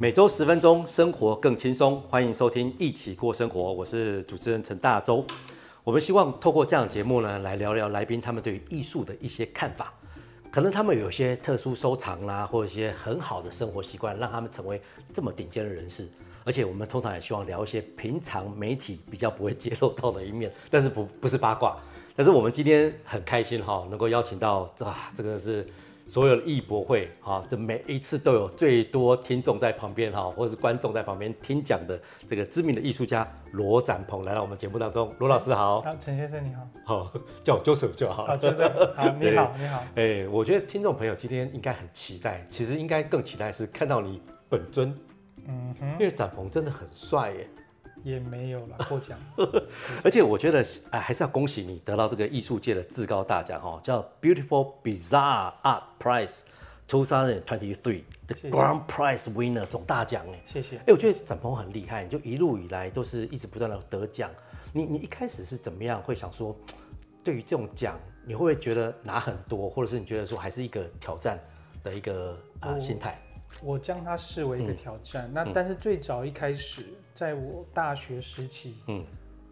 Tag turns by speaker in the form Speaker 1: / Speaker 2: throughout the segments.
Speaker 1: 每週十分鐘，生活更輕鬆。歡迎收聽《一起過生活》，我是主持人陳大洲。我們希望透過這樣的節目呢，來聊聊來賓他們對於藝術的一些看法。可能他們有些特殊收藏啦、啊，或者一些很好的生活習慣，讓他們成為這麼頂尖的人士。而且我們通常也希望聊一些平常媒體比較不會揭露到的一面，但是不不是八卦。但是我們今天很開心哈，能夠邀請到這、啊，這個是。所有的藝博會哈，這每一次都有最多聽眾在旁邊哈，或者是觀眾在旁邊聽講的這個知名的藝術家羅展鵬來到我們節目當中。羅老師好。啊、陳先生你好，好、哦、叫我 Joseph 就好。Joseph 好，你好，你好、欸。我覺得聽眾朋友今天應該很期待，其實應該更期待是看到你本尊，嗯哼，因為展鵬真的很帥耶。
Speaker 2: 也沒有了，過獎。
Speaker 1: 而且我覺得，哎，還是要恭喜你得到這個藝術界的至高大獎哦、喔，叫 Beautiful Bizarre Art Prize 2023 The Grand Prize Winner 總大獎哎。謝謝。哎、欸，我覺得展鵬很厲害，謝謝你就一路以來都是一直不斷的得獎。你你一開始是怎麼樣？會想說，對於這種獎，你會不會覺得拿很多，或者是你覺得說還是一個挑戰的一個啊心態？
Speaker 2: 我將、啊、它視為一個挑戰、嗯。那但是最早一開始。嗯在我大學時期，
Speaker 1: 嗯，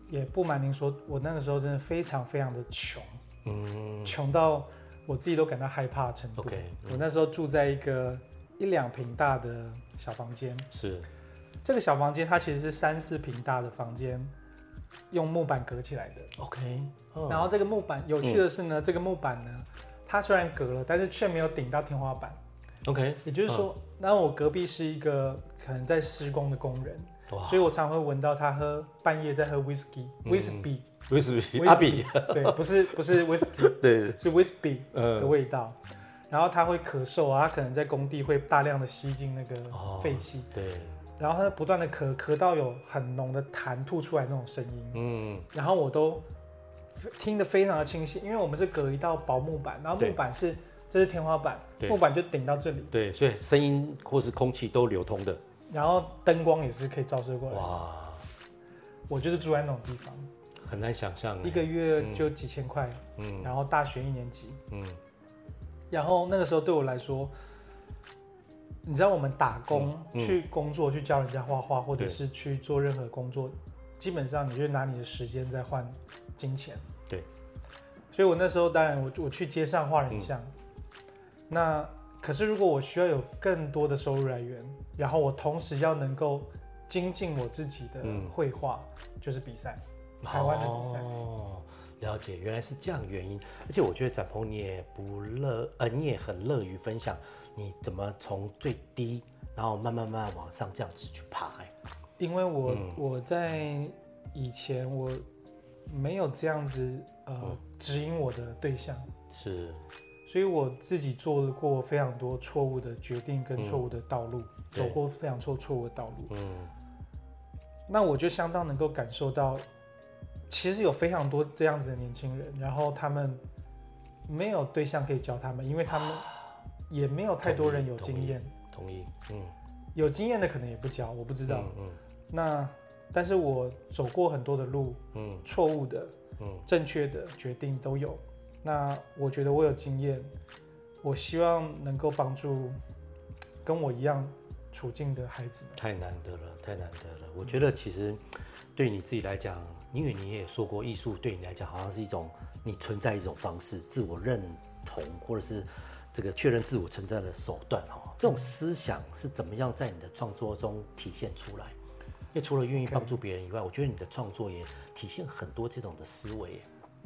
Speaker 2: 也不瞞您說，我那個時候真的非常非常的窮，嗯，窮到我自己都感到害怕的程度。Okay，嗯，我那時候住在一個一兩坪大的小房間，
Speaker 1: 是，
Speaker 2: 這個小房間它其實是三四坪大的房間，用木板隔起來的。Okay，然後這個木板有趣的是呢，嗯，這個木板呢，它雖然隔了，但是卻沒有頂到天花板。
Speaker 1: Okay，也就是說，
Speaker 2: 那我隔壁是一個可能在施工的工人。所以，我常會聞到他喝半夜在喝威士忌，嗯、威士忌威士啤，威士啤，阿啤，對 不，不是不是威士忌
Speaker 1: 對，是威士啤的味
Speaker 2: 道，嗯。然後他會咳嗽啊，他可能在工地會大量的吸進那個廢氣，哦，對。然後他不斷的咳，咳到有很濃的痰吐出來那種聲音，嗯。然後我都聽得非常的清晰，因為我們是隔一道薄木板，然後木板是這是天花板，木板就頂到這裡，
Speaker 1: 對，對所以聲音或是空氣都流通的。
Speaker 2: 然後燈光也是可以照射過來。哇！我就是住在那種地方，
Speaker 1: 很難想象。一個月就幾千塊，然
Speaker 2: 後大學一年級，然後那個時候對我來說，你知道我們打工、去工作、去教人家畫畫，或者是去做任何工作，基本上你就拿你的時間在換金錢。
Speaker 1: 對。
Speaker 2: 所以我那時候當然，我我去街上畫人像，那可是如果我需要有更多的收入來源。然後我同時要能夠精進我自己的繪畫，嗯、就是比賽，
Speaker 1: 台灣的比賽。哦，了解，原來是這樣的原因。而且我覺得展鵬你也不樂，呃，你也很樂於分享，你怎麼從最低，然後慢慢慢慢往上這樣子去爬？因為我、嗯、我在
Speaker 2: 以前我沒有這樣子呃、嗯、指引我的對象是。所以我自己做過非常多錯誤的決定跟錯誤的道路，嗯，走過非常錯錯誤的道路。嗯，那我就相當能夠感受到，其實有非常多這樣子的年輕人，然後他們沒有對象可以教他們，因為他們也沒有太多人有經驗。同意。嗯。有經驗的可能也不教，我不知道。嗯嗯，那但是我走過很多的路，嗯，錯誤的，嗯，正確的決定都有。那我覺得我有經驗，我希望能夠幫助跟我一樣處境的孩子。
Speaker 1: 太難得了，太難得了。我覺得其實對你自己來講，因為你也說過，藝術對你來講好像是一種你存在一種方式，自我認同或者是這個確認自我存在的手段哈。這種思想是怎麼樣在你的創作中體現出來？因為除了願意幫助別人以外，Okay. 我覺得你的創作也體現很多這種的思維。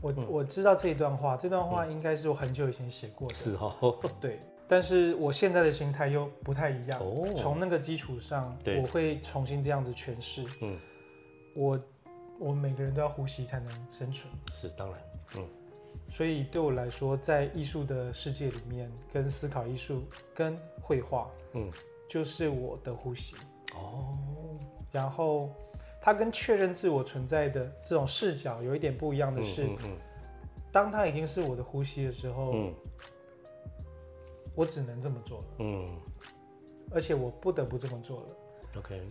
Speaker 2: 我、嗯、我知道這一段話，這段話應該是我很久以前寫過的。是、嗯、哈，對。但是我現在的心態又不太一樣。從、哦、那個基礎上，我會重新這樣子詮釋。嗯。我，我每個人都要呼吸才能生存。
Speaker 1: 是，當然。嗯。所以
Speaker 2: 對我來說，在藝術的世界裡面，跟思考藝術、跟繪畫，
Speaker 1: 嗯，
Speaker 2: 就是我的呼吸。哦。嗯、然後。他跟確認自我存在的這種視角有一點不一樣的是，嗯嗯嗯、當他已經是我的呼吸的時候，嗯、我只能這麼做了，嗯，而且我不得不這麼做了，OK，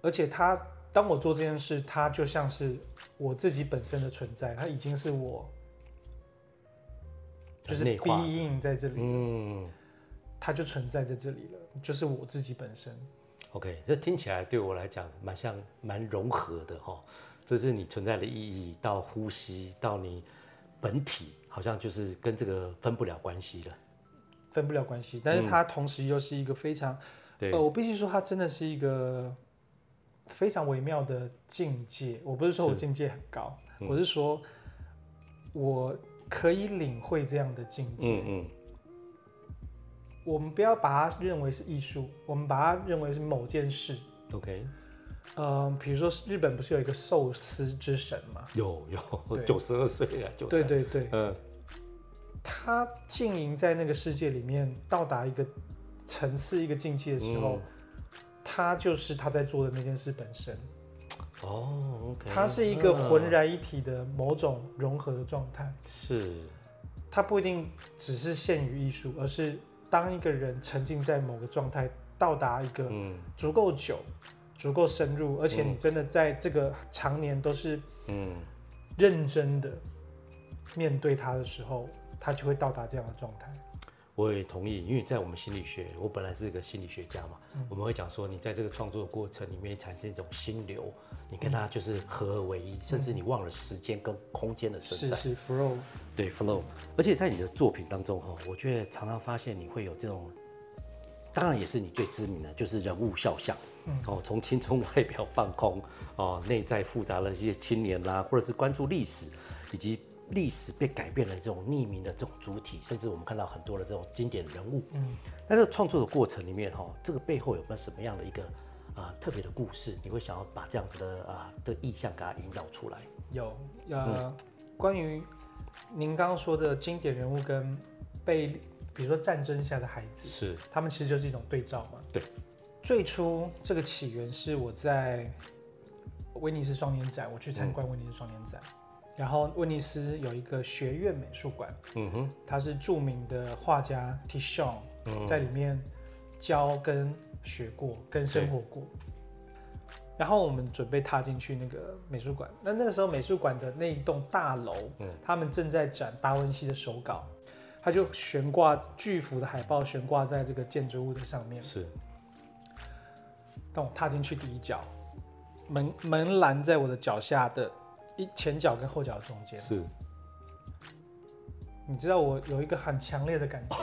Speaker 2: 而且他當我做這件事，他就像是我自己本身的存在，他已經是我，就是內化的在這裡，他、嗯、就存在在這裡了，就是我自己本身。
Speaker 1: OK，這聽起來對我來講蠻像蠻融合的，哦、就是你存在的意義，到呼吸，到你本體，好像就是跟這個分不了關係了，
Speaker 2: 分不了關係。但是它同時又是一個非常，嗯對呃、我必須說，它真的是一個非常微妙的境界。我不是說我境界很高，是嗯，我是說我可以領會這樣的境界。嗯嗯。我們不要把它認為是藝術，我們把它認為是某件事。OK、呃。嗯，比如說日本不是有一個壽司之神嗎？有有，九十二歲啊九。93，對對對、嗯。他經營在那個世界裡面，到達一個層次、一個境界的時候、嗯，他就是他在做的那件事本身。
Speaker 1: 哦、oh，OK。他是一個渾然一
Speaker 2: 體的某種融合的狀態。嗯、是。他不一定只是限於藝術，而是。當一個人沉浸在某個狀態，到達一個足夠久、嗯、足夠深入，而且你真的在這個長年都是認真的面對他的時候，他就會到達這樣的狀態。
Speaker 1: 我也同意，因為在我們心理學，我本來是一個心理學家嘛，嗯、我們會講說，你在這個創作的過程裡面產生一種心流，你跟他就是合而為一、嗯，甚至你忘了時間跟空間的存在。是，是 flow。對，flow。而且在你的作品當中哈，我覺得常常發現你會有這種，當然也是你最知名的，就是人物肖像。哦，從青春外表放空，哦，內在複雜的一些青年啦、啊，或者是關注歷史，以及。歷史被改變了，這種匿名的這種主體，甚至我們看到很多的這種經典人物，嗯，在這個創作的過程裡面哈，這個背後有沒有什麼樣的一個啊、呃、特別的故事？你會想要把這樣子的啊、呃、的意象給它引導出來？
Speaker 2: 有，呃，嗯、關於您剛剛說的經典人物跟被，比如說戰爭下的孩子，是他們其實就是一種對照嘛？對，最初這個起源是我在威尼斯雙年展，我去參觀威尼斯雙年展。嗯然後威尼斯有一個學院美術館，嗯
Speaker 1: 哼，
Speaker 2: 他是著名的畫家 Tishon，、嗯、在裡面教跟學過跟生活過。然後我們準備踏進去那個美術館，那那個時候美術館的那一棟大樓，嗯，他們正在展達文西的手稿，他就懸掛巨幅的海報，懸掛在這個建築物的上面。是，當我踏進去第一腳，門門攔在我的腳下的。一前腳跟後腳中間是，你知道我有一個很強烈的感覺，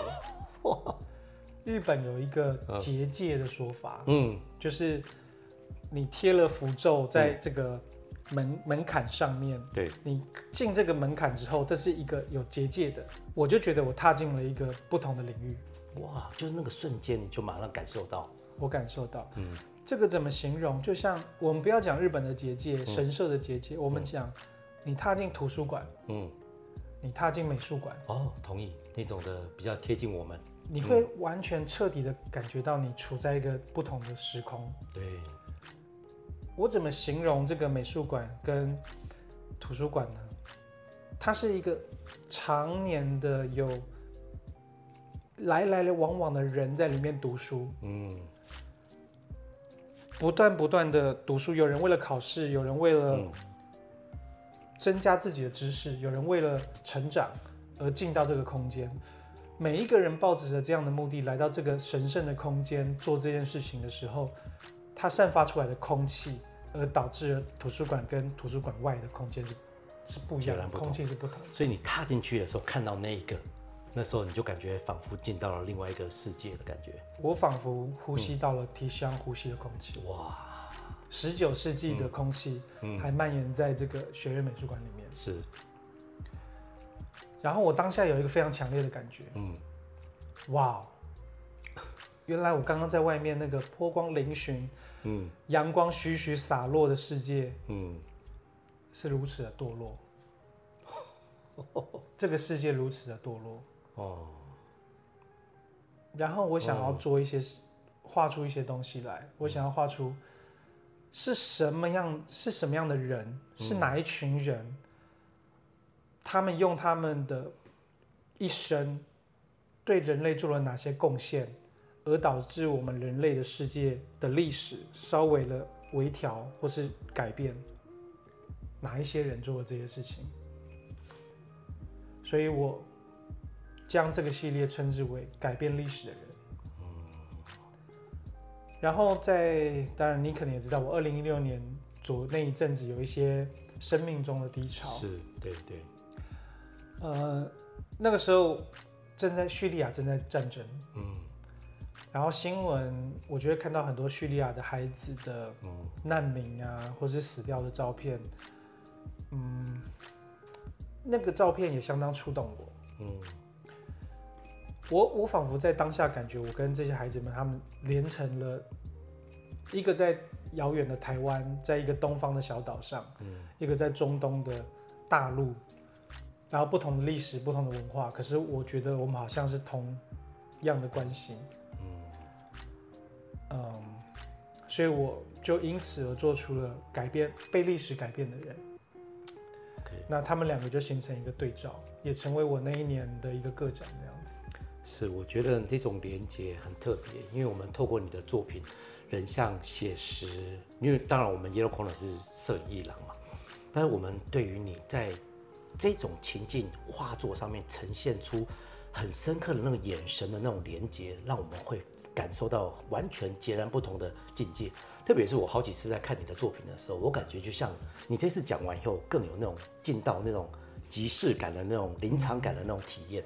Speaker 2: 日本有一個結界的說法，嗯，就是你貼了符咒在這個門、嗯、門檻上面，對，你進這個門檻之後，這是一個有結界的，我就覺得我踏進了一個不同的領域，哇，就是
Speaker 1: 那個瞬間你就馬上感受到，
Speaker 2: 我感受到，嗯。這個怎麼形容？就像我們不要講日本的結界，嗯，神社的結界，嗯，我們講你踏進圖書館，嗯，你踏進美術館，
Speaker 1: 哦，同意那種的比較貼近我們，你會
Speaker 2: 完全徹底的感覺到你處在一個不同的時空。嗯，對，我怎麼形容這個美術館跟圖書館呢？它是一個常年的有來來來往往的人在裡面讀書，嗯。不斷不斷的讀書，有人為了考試，有人為了增加自己的知識，有人為了成長而進到這個空間。每一個人抱着着這樣的目的來到這個神聖的空間做這件事情的時候，它散發出來的空氣，而導致圖書館跟圖書館外的空間是不一樣，空氣是不同。
Speaker 1: 所以你踏進去的時候，看到那一個。那時候你就感覺仿佛進到了另外一個世界的感覺，
Speaker 2: 我仿佛呼吸到了提香呼吸的空氣、嗯。哇，十九世紀的空氣還蔓延在這個學院美術館裡面、嗯。是。然後我當下有一個非常強烈的感覺，哇、嗯 wow，原來我剛剛在外面那個波光粼粼，陽、嗯、光徐徐灑落的世界，
Speaker 1: 嗯，
Speaker 2: 是如此的墮落， 這個世界如此的墮落。哦，然後我想要做一些、哦，畫出一些東西來。我想要畫出是什麼樣是什麼樣的人、嗯，是哪一群人，他們用他們的一生對人類做了哪些貢獻，而導致我們人類的世界的歷史稍微的微調或是改變，哪一些人做了這些事情？所以我。將這個系列稱之為改變歷史的人。嗯。然後在，當然你可能也知道，我二零一六年左那一陣子有一些生命中的低潮。是，對對。呃，那個時候正在敘利亞正在戰爭，嗯。然後新聞，我覺得看到很多敘利亞的孩子的難民啊，嗯、或者是死掉的照片，嗯，那個照片也相當觸動我，嗯。我我仿佛在當下感覺，我跟這些孩子們他們連成了一個，在遙遠的台灣，在一個東方的小島上，嗯，一個在中東的大陸，然後不同的歷史，不同的文化，可是我覺得我們好像是同樣的關係，嗯，嗯，所以我就因此而做出了改變，被歷史改變的人
Speaker 1: ，Okay.
Speaker 2: 那他們兩個就形成一個對照，也成為我那一年的一個個展人。
Speaker 1: 是，我覺得這種連接很特別，因為我們透過你的作品，人像寫實，因為當然我們 Yellow Corner 是攝影藝廊嘛，但是我們對於你在這種情境畫作上面呈現出很深刻的那個眼神的那種連接，讓我們會感受到完全截然不同的境界。特別是我好幾次在看你的作品的時候，我感覺就像你這次講完以後，更有那種進到那種即視感的那種臨場感的那種體驗。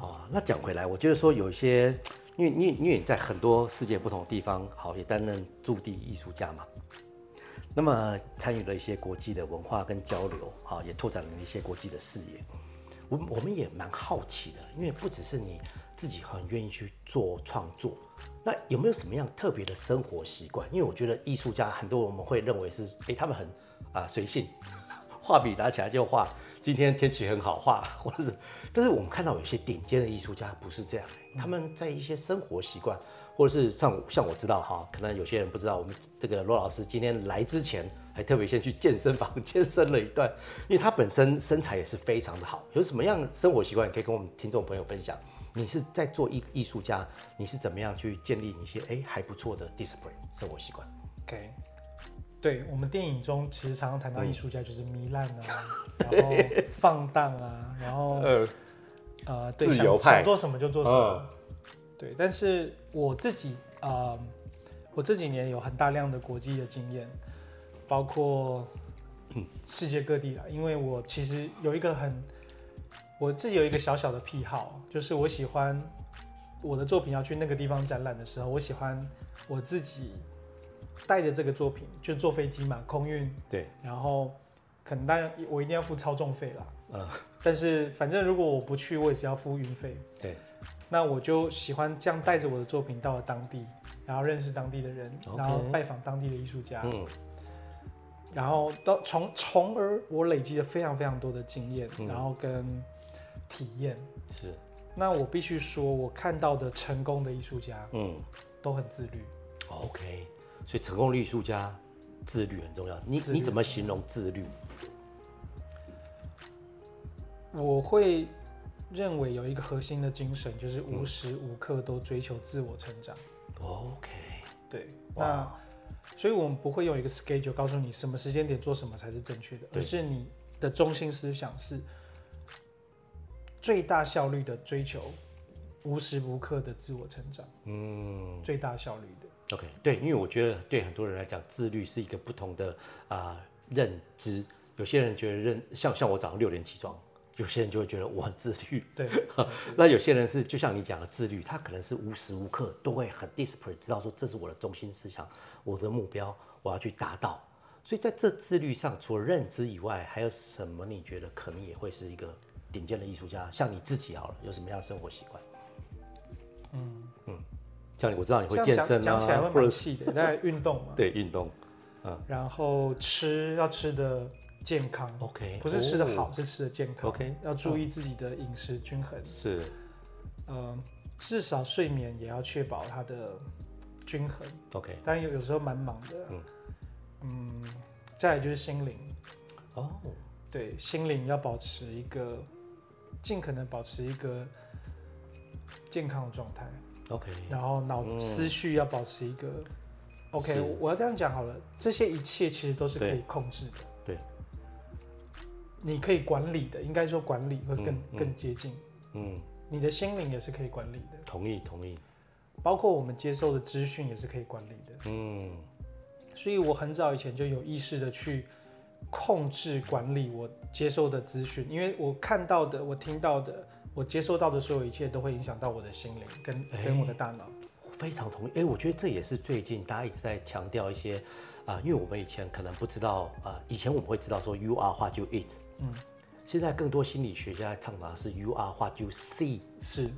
Speaker 1: 啊，那講回來，我覺得說有一些，因為你，因為你在很多世界不同的地方，好也擔任駐地藝術家嘛，那麼參與了一些國際的文化跟交流，好也拓展了一些國際的視野。我們我們也蠻好奇的，因為不只是你自己很願意去做創作，那有沒有什麼樣特別的生活習慣？因為我覺得藝術家很多，我們會認為是，誒、欸，他們很啊隨、呃、性，畫筆拿起來就畫。今天天氣很好，畫，或者是，但是我們看到有些頂尖的藝術家不是這樣，他們在一些生活習慣，或者是像像我知道哈，可能有些人不知道，我們這個羅老師今天來之前，還特別先去健身房健身了一段，因為他本身身材也是非常的好，有什麼樣的生活習慣可以跟我們聽眾朋友分享？你是在做藝藝術家，你是怎麼樣去建立一些誒、欸，還不錯的 discipline 生活習慣
Speaker 2: ？OK。對我們電影中，其實常常談到藝術家就是糜爛啊、嗯、 啊，然後放蕩啊，然
Speaker 1: 後呃、
Speaker 2: 呃對自由派，想做什麼就做什麼。呃、對，但是我自己啊、呃，我這幾年有很大量的國際的經驗，包括世界各地啊。因為我其實有一個很，我自己有一個小小的癖好，就是我喜歡我的作品要去那個地方展覽的時候，我喜歡我自己，帶着這個作品就坐飛機嘛，空運對，然後可能當然我一定要付超重費了，嗯，但是反正如果我不去，我也是要付運費，對，那我就喜歡這樣帶着我的作品到了當地，然後認識當地的人，okay，然後拜訪當地的藝術家，嗯，然後到從從而我累積了非常非常多的經驗，嗯，然後跟體驗是，那我必須說，我看到的成功的藝術家，嗯，都很自
Speaker 1: 律，OK。所以，成功藝術家自律很重要。你你怎麼形容自律？
Speaker 2: 我會認為有一個核心的精神，就是無時無刻都追求自我成長。嗯、OK，對。Wow、那所以，我們不會用一個 schedule 告訴你什麼時間點做什麼才是正確的，而是你的中心思想是最大效率的追求，無時無刻的自我成長。嗯，最大效率的。
Speaker 1: OK，對，因為我覺得對很多人來講，自律是一個不同的啊、呃、認知。有些人覺得認像像我早上六點起床，有些人就會覺得我很自律。對，對對 那有些人是就像你講的自律，他可能是無時無刻都會很 discipline，知道說這是我的中心思想，我的目標我要去達到。所以在這自律上，除了認知以外，還有什麼？你覺得可能也會是一個頂尖的藝術家，像你自己好了，有什麼樣的生活習慣？嗯嗯。像你，我知道你會健身、啊、講講起來會蠻細的，你在運動嘛。對運動、
Speaker 2: 嗯，然後吃要吃的健康，OK，不是吃的好、哦，是吃的健康，OK，要注意自己的飲食均衡。是、哦、呃，至少睡眠也要確保它的均衡，OK。但有有時候蠻忙的，嗯，嗯，再來就是心靈、哦。對，心靈要保持一個，盡可能保持一個健康的狀態。OK，然後腦思緒要保持一個、嗯、OK，我要這樣講好了，這些一切其實都是可以控制的。對，對，你可以管理的，應該說管理會更、嗯、更接近。嗯，你的心靈也是可以管理的。
Speaker 1: 同意同意，
Speaker 2: 包括我們接受的資訊也是可以管理的。
Speaker 1: 嗯，
Speaker 2: 所以我很早以前就有意識的去控制管理我接受的資訊，因為我看到的，我聽到的。我接收到的所有一切都會影響到我的心靈，跟、欸、跟我的大腦。
Speaker 1: 非常同意。哎、欸，我覺得這也是最近大家一直在強調一些啊、呃，因為我們以前可能不知道啊、呃，以前我們會知道說 you are what you eat。嗯。現在更多心理學家倡導的是 you are what you see。是。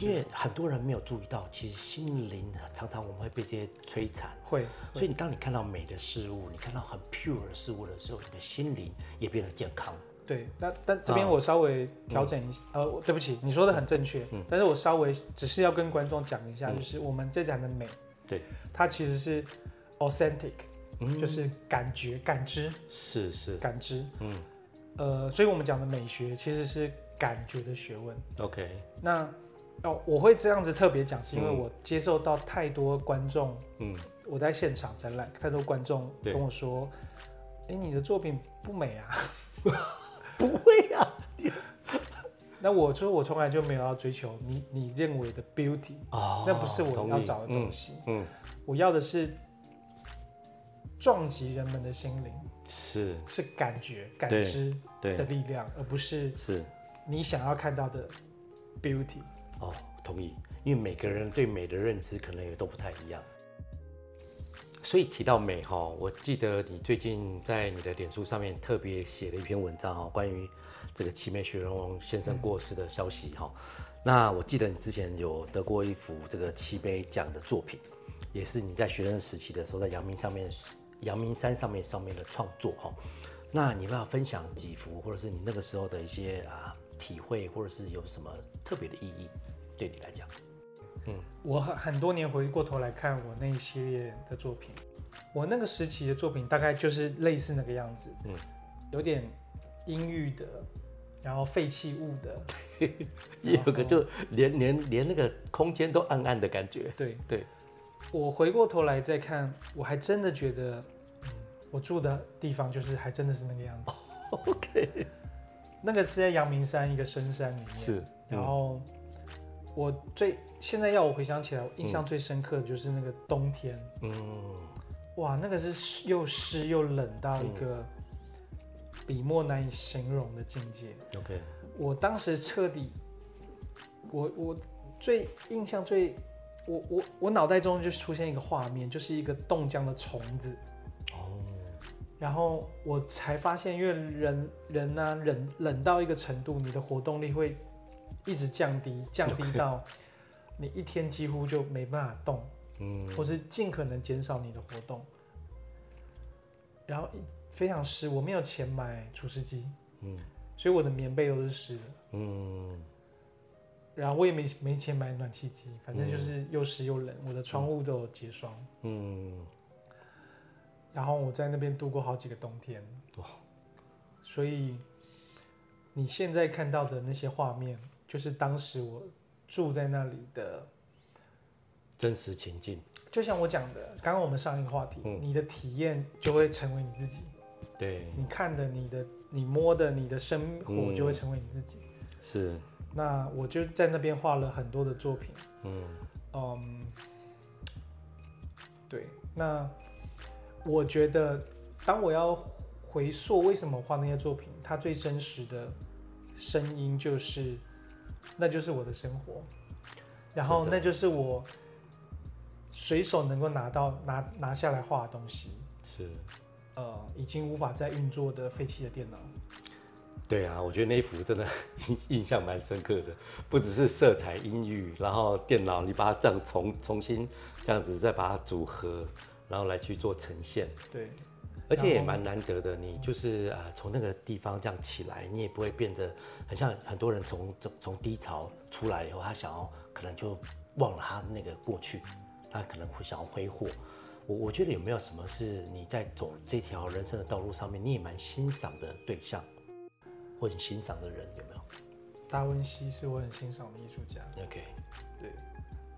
Speaker 1: 因為很多人沒有注意到，其實心靈常常我們會被這些摧殘。會。所以你當你看到美的事物、嗯，你看到很 pure 的事物的時候，你的心靈也變得健康。
Speaker 2: 對，那但這邊我稍微調整一下、
Speaker 1: 啊嗯，呃，對不起，
Speaker 2: 你說的很正確、嗯，但是我稍微只是要跟觀眾講一下、嗯，就是我們這展的美，
Speaker 1: 對，
Speaker 2: 它其實是 authentic、嗯、就是感覺、感知，
Speaker 1: 是是感知，嗯，
Speaker 2: 呃，所以我們講的美學其實是感覺的學問。OK，那哦，我會這樣子特別講，是因為我接受到太多觀眾，
Speaker 1: 嗯，
Speaker 2: 我在現場展覽、嗯，太多觀眾跟我說，哎、欸，你的作品不美啊。 不會呀，啊， 那我就我從來就沒有要追求你你認為的 beauty 啊，哦，那不是我要找的東西。嗯，嗯，我要的是撞擊人們的心靈，是是感覺感知的力量，而不是是你想要看到的 beauty。
Speaker 1: 哦，同意，因為每個人對美的認知可能也都不太一樣。所以提到美哈，我記得你最近在你的臉書上面特別寫了一篇文章哈，關於這個奇美許文龍先生過世的消息哈、嗯。那我記得你之前有得過一幅這個奇美獎的作品，也是你在學生時期的時候在陽明上面、陽明山上面上面的創作哈。那你要分享幾幅，或者是你那個時候的一些啊體會，或者是有什麼特別的意義，對你來講？
Speaker 2: 嗯，我很多年回過頭來看我那一系列的作品，我那個時期的作品大概就是類似那個樣子，嗯，有點陰鬱的，然後廢棄物的，
Speaker 1: 也有個就連連連那個空間都暗暗的感覺。對對，
Speaker 2: 我回過頭來再看，我還真的覺得，嗯，我住的地方就是還真的是那個樣子。哦，OK，那個是在陽明山一個深山裡面，是，然後。嗯我最現在要我回想起來，我印象最深刻的就是那個冬天。嗯，哇，那個是又濕又冷到一個筆墨難以形容的境界。OK，我當時徹底，我我最印象最我我我腦袋中就出現一個畫面，就是一個凍僵的蟲子。哦，然後我才發現，因為人人呢，冷冷到一個程度，你的活動力會。一直降低，降低到你一天幾乎就沒辦法動，嗯、okay.，或是盡可能減少你的活動。嗯、然後非常濕，我沒有錢買除濕機，嗯，所以我的棉被都是濕的，
Speaker 1: 嗯，
Speaker 2: 然後我也沒沒錢買暖氣機，反正就是又濕又冷，嗯，我的窗戶都有結霜，嗯，然後我在那邊度過好幾個冬天，哇，所以你現在看到的那些畫面。就是當時我住在那裡的
Speaker 1: 真實情境，
Speaker 2: 就像我講的，剛剛我們上一個話題，嗯、你的體驗就會成為你自
Speaker 1: 己。對，你
Speaker 2: 看的、你的、你摸的、你的生活就會成為你自己。嗯、是。那我就在那邊畫了很多的作品。嗯嗯，對。那我覺得，當我要回溯為什麼畫那些作品，它最真實的聲音就是。那就是我的生活，然後那就是我隨手能夠拿到拿拿下來畫的東西，是，呃，已經無法再運作的廢棄的電腦。
Speaker 1: 對啊，我覺得那一幅真的印印象蠻深刻的，不只是色彩陰鬱，然後電腦，你把它這樣重重新，這樣子再把它組合，然後來去做呈現。對。而且也蠻難得的，你就是啊，呃，從那個地方這樣起來，你也不會變得很像很多人從從從低潮出來以後，他想要可能就忘了他那個過去，他可能會想要揮霍。我我覺得有沒有什麼是你在走這條人生的道路上面，你也蠻欣賞的對象，或者欣賞的人有沒有？
Speaker 2: 達文西是我很欣賞的藝術家。
Speaker 1: OK，對，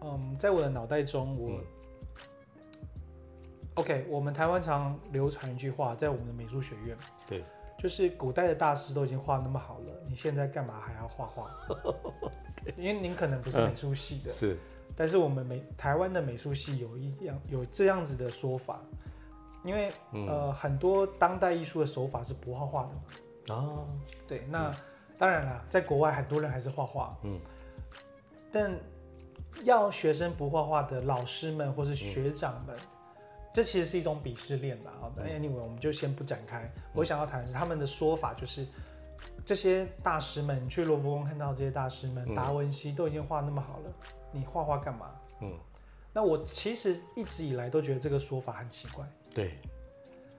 Speaker 2: 嗯，在我的腦袋中我。嗯 OK，我們台灣常流傳一句話，在我們的美術學院，
Speaker 1: 對，
Speaker 2: 就是古代的大師都已經畫那麼好了，你現在幹嘛還要畫畫？ 因為您可能不是美術系的、嗯，是，但是我們美台灣的美術系有一樣有這樣子的說法，因為、嗯、呃很多當代藝術的手法是不畫畫的，哦，嗯、對，那、嗯、當然啦，在國外很多人還是畫畫，嗯，但要學生不畫畫的老師們或是學長們。嗯這其實是一種鄙視鏈吧，但、嗯、anyway，我們就先不展開。嗯、我想要談的是他們的說法，就是、嗯、這些大師們去羅浮宮看到這些大師們、嗯，達文西都已經畫那麼好了，你畫畫幹嘛？嗯，那我其實一直以來都覺得這個說法很奇怪。對、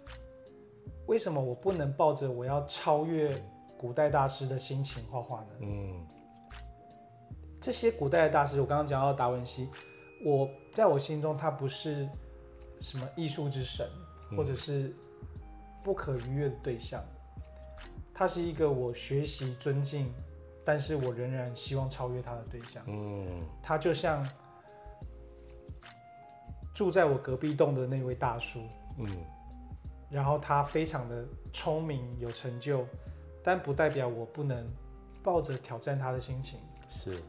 Speaker 2: 嗯，為什麼我不能抱着我要超越古代大師的心情畫畫呢？嗯，這些古代的大師，我剛剛講到達文西，我在我心中他不是。什麼藝術之神，或者是不可逾越的對象，嗯、他是一個我學習、尊敬，但是我仍然希望超越他的對象。嗯、他就像住在我隔壁棟的那位大叔、嗯。然後他非常的聰明、有成就，但不代表我不能抱着挑戰他的心情，是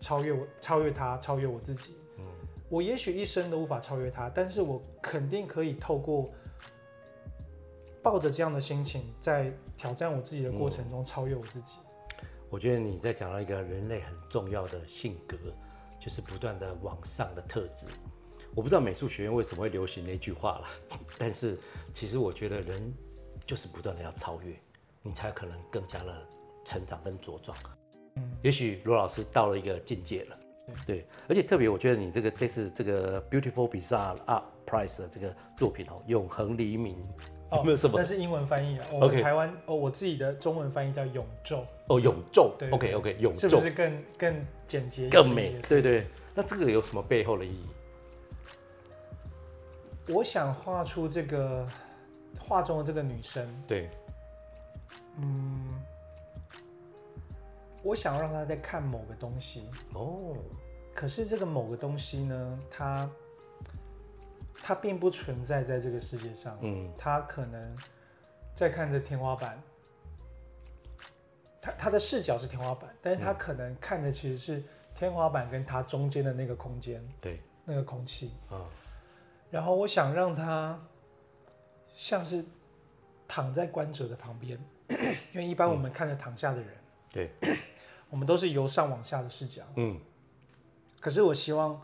Speaker 2: 超越我、超越他、超越我自己。嗯。我也許一生都無法超越他，但是我肯定可以透過抱着這樣的心情，在挑戰我自己的過程中超越我自己。嗯，
Speaker 1: 我覺得你在講到一個人類很重要的性格，就是不斷的往上的特質。我不知道美術學院為什麼會流行那句話啦，但是其實我覺得人就是不斷的要超越，你才可能更加的成長跟茁壯。嗯，也許羅老師到了一個境界了。對，而且特別，我覺得你這個這次這個 Beautiful Bizarre Art、啊、Prize 的這個作品哦、喔，《永恆黎明》oh,，有沒有什麼？那是英
Speaker 2: 文翻譯、okay. oh, 台灣哦，oh, 我自己的中文翻譯叫永晝“ oh, 永
Speaker 1: 晝”。哦，永晝。對。OK OK 永。永晝是不是
Speaker 2: 更更簡潔、更美？對，對對。
Speaker 1: 那這個有什麼背後的意義？
Speaker 2: 我想畫出這個畫中的這個女生。對。嗯。我想讓他在看某個東西哦，oh. 可是這個某個東西呢，它它並不存在在這個世界上。嗯，他可能在看着天花板，他他的視角是天花板，但是他可能看的其實是天花板跟他中間的那個空間，對，那個空氣。oh. 然後我想讓他像是躺在觀者的旁邊， 因為一般我們看着躺下的人，嗯，對。我們都是由上往下的視角，嗯。可是我希望，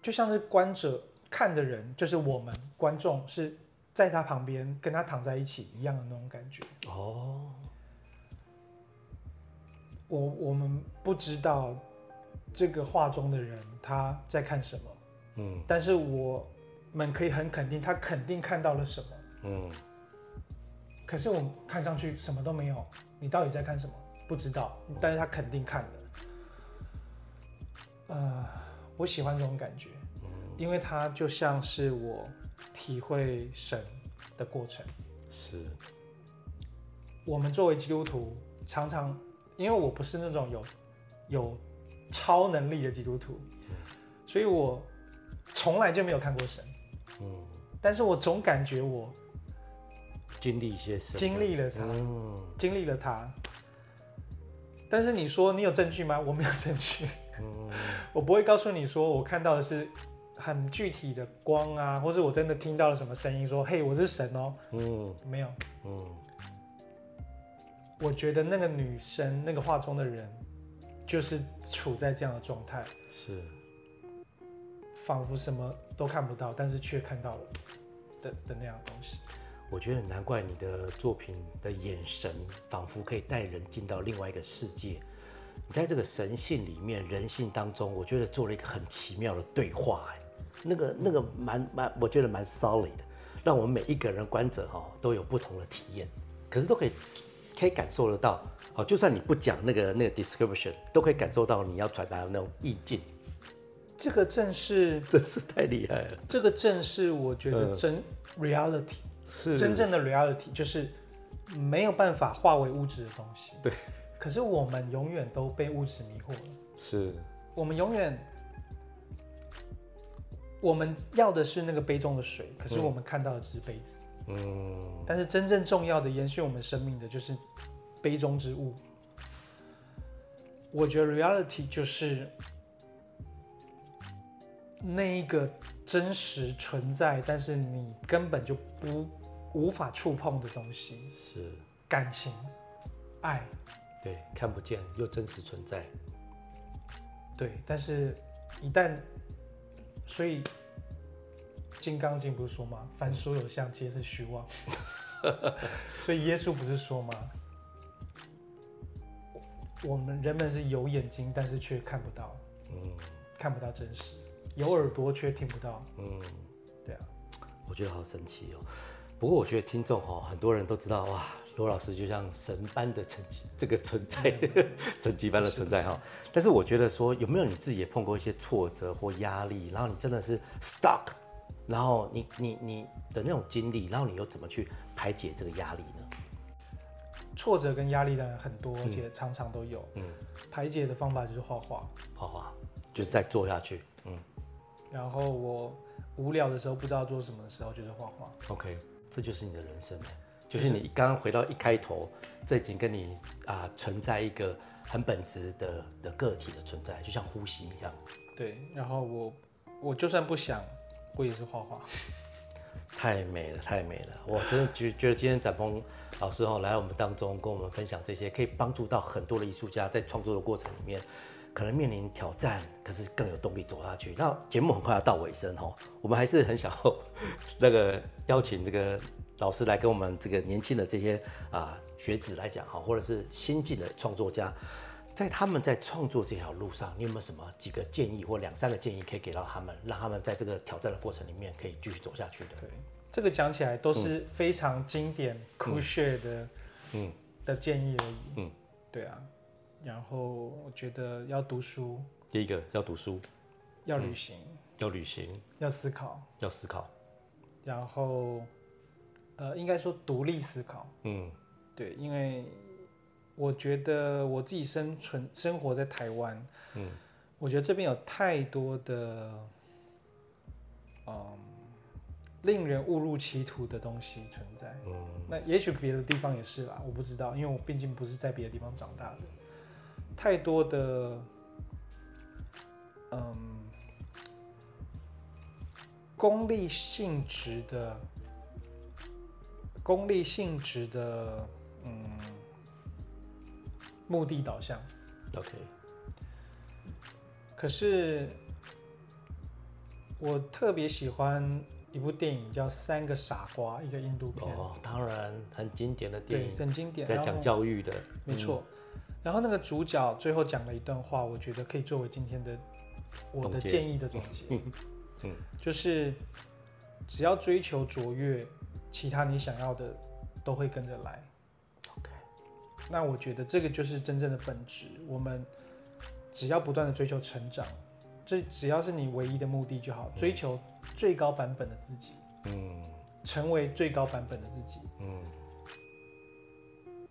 Speaker 2: 就像是觀者看的人，就是我們觀眾是在他旁邊跟他躺在一起一樣的那種感覺。哦。我我們不知道這個畫中的人他在看什麼，嗯。但是我們可以很肯定，他肯定看到了什麼。嗯。可是我們看上去什麼都沒有，你到底在看什麼？不知道，但是他肯定看了。嗯。呃、我喜歡這種感覺，嗯、因為他就像是我體會神的過程。是。我們作為基督徒，常常因為我不是那種有有超能力的基督徒，嗯、所以我從來就沒有看過神、嗯。但是我總感覺我
Speaker 1: 經歷一些事，經歷了他，嗯、
Speaker 2: 經歷了他。但是你說你有證據嗎？我沒有證據、嗯。 我不會告訴你說我看到的是很具體的光啊，或是我真的聽到了什麼聲音說，說、嗯“嘿，我是神哦、喔。”嗯，
Speaker 1: 沒有。嗯，
Speaker 2: 我覺得那個女生，那個畫中的人，就是處在這樣的狀態，是，仿佛什麼都看不到，但是卻看到了的的，的那樣的東西。
Speaker 1: 我覺得很難怪你的作品的眼神仿佛可以帶人進到另外一個世界。你在這個神性裡面、人性當中，我覺得做了一個很奇妙的對話。哎，那個、那個蠻蠻，我覺得蠻 solid 的，讓我們每一個人觀者哈、哦、都有不同的體驗。可是都可以可以感受得到。哦，就算你不講那個那個 description，都可以感受到你要傳達的那種意境。這個正是，真是太厲害了。
Speaker 2: 這個正是我覺得真、嗯、reality。是，真正的 reality 就是沒有辦法化為物質的東西。對，可是我們永遠都被物質迷惑了。是，我們永遠，我們要的是那個杯中的水，可是我們看到的只是杯子。嗯。但是真正重要的、延續我們生命的就是杯中之物。我覺得 reality 就是。那一個真實存在，但是你根本就不無法觸碰的東西是感情、愛。
Speaker 1: 對，看不見又真實存在，
Speaker 2: 對，但是一旦，所以《金剛經》不是說嗎？嗯、凡所有相，皆是虛妄。 所以耶穌不是說嗎？
Speaker 1: 我
Speaker 2: 們人們是有眼睛，但是卻看不到，
Speaker 1: 嗯，
Speaker 2: 看不到真實。有耳朵卻聽不到，嗯，對啊，
Speaker 1: 我覺得好神奇哦。不過我覺得聽眾哈、哦，很多人都知道哇，羅老師就像神般的成績，這個存在，嗯、神奇般的存在哈、哦。但是我覺得說，有沒有你自己也碰過一些挫折或壓力，然後你真的是 stuck，然後你你你，你的那種經歷，然後你又怎麼去排解這個壓力呢？
Speaker 2: 挫折跟壓力當然很多，而、嗯、且常常都有。嗯，排解的方法就是畫畫，
Speaker 1: 畫、嗯、畫，就是再做下去。嗯。
Speaker 2: 然後我無聊的時候不知道做什麼的時候就是畫畫。
Speaker 1: OK，這就是你的人生，就是你剛剛回到一開頭，就是、這已經跟你啊、呃、存在一個很本質的的個體的存在，就像呼吸一樣。
Speaker 2: 對，然後我我就算不想，我也是畫畫。
Speaker 1: 太美了，太美了！我真的覺覺得今天展鵬老師哦 來我們當中跟我們分享這些，可以幫助到很多的藝術家在創作的過程裡面。可能面臨挑戰，可是更有動力走下去。那節目很快要到尾聲哦，我們還是很想那個邀請這個老師來跟我們這個年輕的這些啊學子來講哈，或者是新進的創作家，在他們在創作這條路上，你有沒有什麼幾個建議或兩三個建議可以給到他們，讓他們在這個挑戰的過程裡面可以繼續走下去的？對，這個講起來都是非常
Speaker 2: 經典、嗯、苦學的，
Speaker 1: 嗯，
Speaker 2: 的建議而已。嗯，對啊。然後我覺得要讀書，
Speaker 1: 第一個要讀書，要旅行，嗯，要旅行，要思考，要思考。
Speaker 2: 然後，呃，應該說獨立思考。嗯，對，因為我覺得我自己生存生活在台灣，嗯，我覺得這邊有太多的，嗯，令人誤入歧途的東西存在。嗯，那也許別的地方也是吧，我不知道，因為我畢竟不是在別的地方長大的。太多的，嗯，功利性質的，功利性質的，嗯，目的導向。OK。可是，我特別喜歡一部電影叫《三個傻瓜》，一個印度片。哦，
Speaker 1: 當然，很經典的電影，很經典，在講教育的，沒錯。嗯
Speaker 2: 然後那個主角最後講了一段話，我覺得可以作為今天的我的建議的總結。嗯嗯。就是只要追求卓越，其他你想要的都會跟着來。OK，那我覺得這個就是真正的本質。我們只要不斷的追求成長，這只要是你唯一的目的就好。嗯。追求最高版本的自己，嗯，成為最高版本的自己，嗯。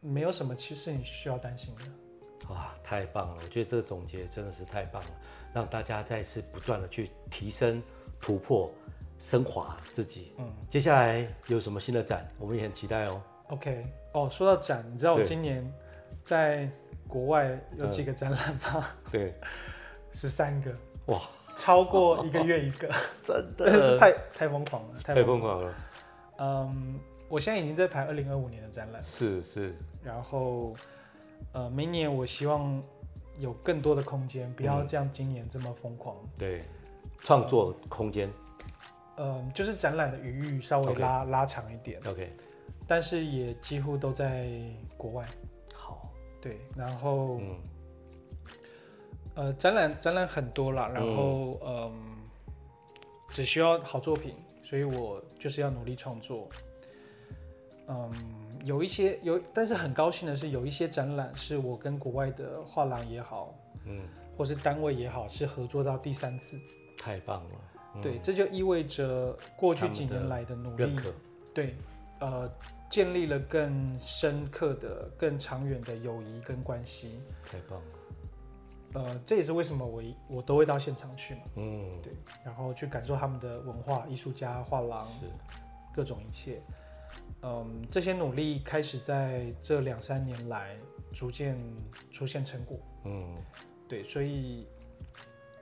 Speaker 2: 沒有什麼，其實你需要擔心的。
Speaker 1: 哇，太棒了！我覺得這個總結真的是太棒了，讓大家再次不斷地去提升、突破、升華自己。嗯，接下來有什麼新的展，我們也很期待哦。
Speaker 2: OK，哦，說到展，你知道我今年在國外有幾個展覽嗎？對，呃，十三 個。哇，超過一個月一個， 真的 是太太瘋，太瘋狂了，太瘋狂了。嗯。我現在已經在排二零二五年的展覽，是是。然後，呃，明年我希望有更多的空間，嗯、不要像今年這麼瘋狂。
Speaker 1: 對，創作空間。嗯、
Speaker 2: 呃呃，就是展覽的餘裕稍微拉、Okay. 拉長一點。OK。但是也幾乎都在國外。好，對。然後，嗯、呃，展覽展覽很多啦，然後嗯、呃，只需要好作品，所以我就是要努力創作。嗯嗯，有一些有，但是很高興的是，有一些展覽是我跟國外的畫廊也好，嗯，或是單位也好，是合作到第三次，
Speaker 1: 太棒了。嗯、對，
Speaker 2: 這就意味着過去幾年來的努力的認可，對，呃，建立了更深刻的、更長遠的友誼跟關係。太棒了。呃，這也是為什麼我我都會到現場去嘛。嗯，對，然後去感受他們的文化、藝術家、畫廊，各種一切。嗯，這些努力開始在這兩三年來逐漸出現成果。嗯，對，所以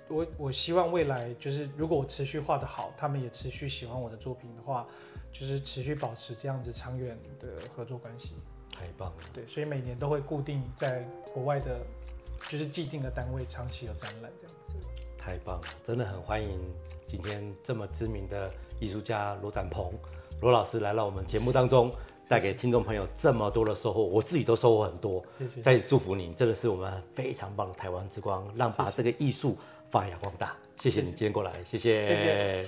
Speaker 2: 我，我我希望未來就是如果我持續畫得好，他們也持續喜歡我的作品的話，就是持續保持這樣子長遠的合作關係。
Speaker 1: 太棒了。
Speaker 2: 對，所以每年都會固定在國外的，就是既定的單位長期有展覽這樣子。
Speaker 1: 太棒了，真的很歡迎今天這麼知名的藝術家羅展鵬。羅老師來到我們節目當中，帶給聽眾朋友這麼多的收穫，我自己都收穫很多。再次祝福你，真的是我們非常棒的台灣之光，讓把這個藝術發揚光大。謝謝你今天過來，謝謝，謝謝。